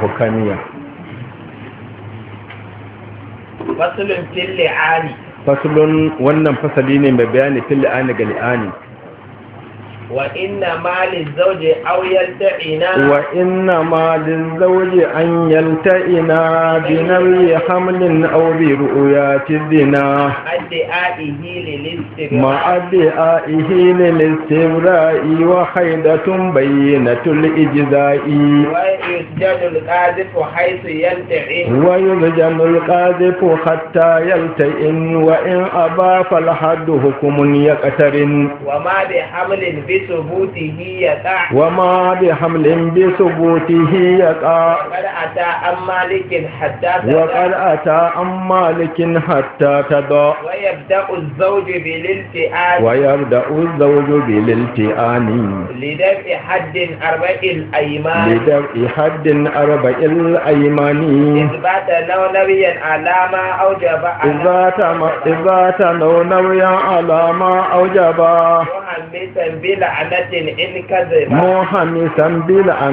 hukamiya fasulun fil li'ani fasulun wannan fasali ne mai bayani fil li'ani ga li'ani wa Wa'inna malin zauje an yalta ina binar ya hamlin auri ru'uya tizina ma'adde a ihili lissirai wa haidatun bayyana tul'iji za'i wa yi janul ƙazifu hatta yalta in wa in a ba falhadu hukumun ya ƙasarin wa ma da hamlin bi بثبوته يقع وما بحمل بثبوته يقع وقد أتى أم مالك حتى تضع وقد أتى مالك حتى تضع ويبدأ الزوج بالالتئام ويبدأ الزوج لدفع حد أربع الأيمان لدفع حد أربع الأيمان على ما أوجب إذا تنو نويا على ما أوجب محمسا بلعنة إن كذبا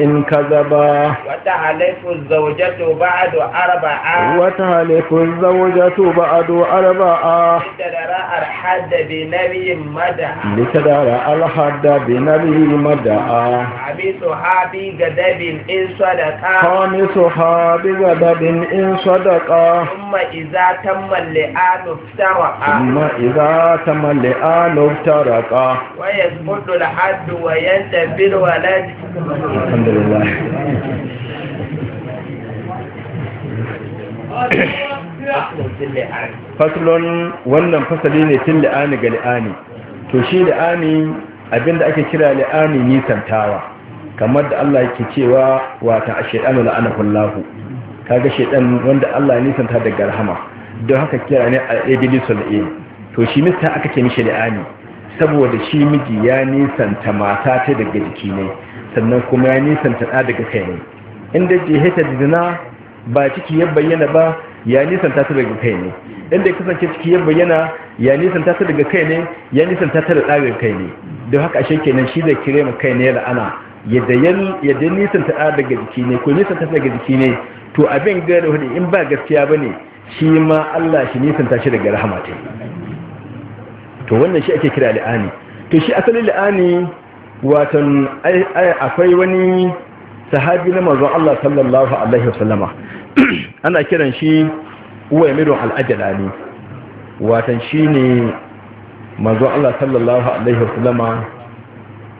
إن كذبا وتحلف الزوجة بعد أربعة وتحلف الزوجة بعد أربعة لتدرى الحد بنبي مدعا لتدرى الحد بنبي مدى خامسها بغضب إن صدقا ثم إذا تم اللئام افترقا ثم إذا تم اللئام افترقا والبقاء ويسقط wannan fasali ne tun la'ani ga la'ani to shi la'ani abinda ake kira la'ani nisantawa kamar da Allah yake cewa wata a shaidanu la'anakullahu kaga shaidan wanda Allah ya nisanta daga rahama don haka kira ne a ibilis wal'in to shi mista aka ce mishi la'ani saboda shi miji ya nisanta mata ta daga jiki ne sannan kuma ya nisanta ɗa daga kai ne inda da zina ba ciki ya bayyana ba ya nisanta ta daga kai ne inda kasance ciki ya bayyana ya nisanta ta daga kai ne ya nisanta ta da ɗaga kai ne don haka ashe kenan shi zai kire mu kai ne la'ana yadda yadda nisanta ɗa daga jiki ne ko nisanta ta daga jiki ne to abin hudu in ba gaskiya bane shi ma Allah shi nisanta shi daga rahama ta to wannan shi ake kira la'ani to shi asalin la'ani watan akwai wani sahabi na manzon Allah sallallahu alaihi wasallama ana kiran shi uwaimirun al'ajalani watan shi ne manzon Allah sallallahu alaihi wasallama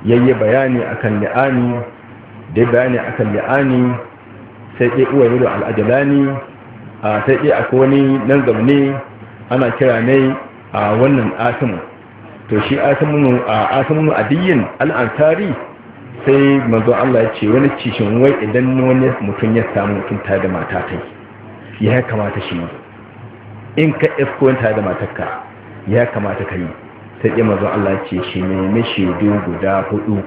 yayye bayani akan la'ani da bayani akan la'ani sai dai uwaimirun al'ajalani a sai dai akwai wani nan zaune, ana kira ne a wannan asimu to shi asimu a asimu adiyin al'ansari sai manzo Allah ya ce wani cishin wai idan wani mutum ya samu mutum tare da mata ya kamata shi in ka isko tare da matarka ya kamata ka yi sai ya manzo Allah ya ce shi ne shaidu guda hudu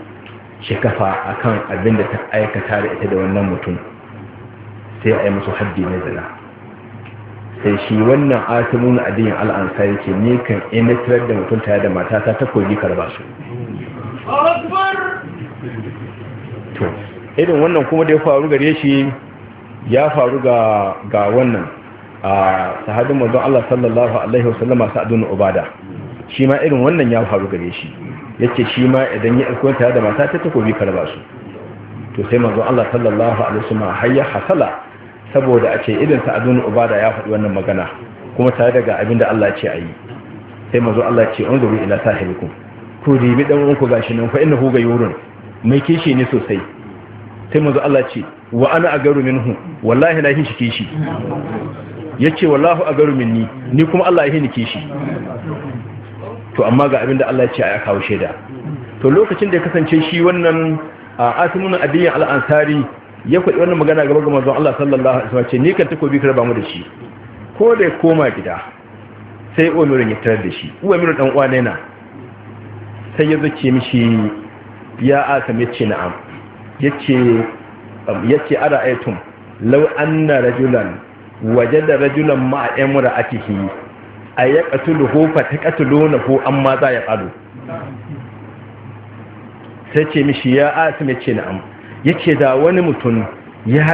shi kafa kan abin da ta aikata da ita da wannan mutum sai a yi musu haddi na zina sai shi wannan asimun addinin al'ansa yake ce ni kan da mutum tare da matata ta kogi karba su to irin wannan kuma da ya faru gare shi ya faru ga wannan a sahadin mazan Allah sallallahu Alaihi wasallama sa'adun obada shi ma irin wannan ya faru gare shi ya ce shi ma idan ya ikon tare da matata ta kogi karba su to sai mazan Allah sallallahu Alaihi wasallama har ya hasala saboda a ce irin sa'adun ubada ya faɗi wannan magana kuma tare daga abin da Allah ce a yi sai mazu Allah ce an guri ila sahibikum ku ribi dan uwanku gashi nan fa hu gayurun mai kishi ne sosai sai mazu Allah ce wa ana agaru minhu wallahi lahi shi kishi yace wallahu agaru minni ni kuma Allah ya ni kishi to amma ga abin da Allah ya ce a kawo shaida to lokacin da ya kasance shi wannan asimun adiyan al-ansari ya kwaɗi wannan magana gaba ga manzon Allah sallallahu alaihi wasu ce ni kan takobi kira ba mu da shi ko da ya koma gida sai umirin ya tarar da shi umirin dan uwa na sai ya zace mishi ya asam yace na'am um, ya ce ara aitum an na rajulan da rajulan ma'a imra'atihi ayaqtuluhu fataqtulunahu amma za ya qalu sai ce mishi ya asam yace na'am yake da wani mutum ya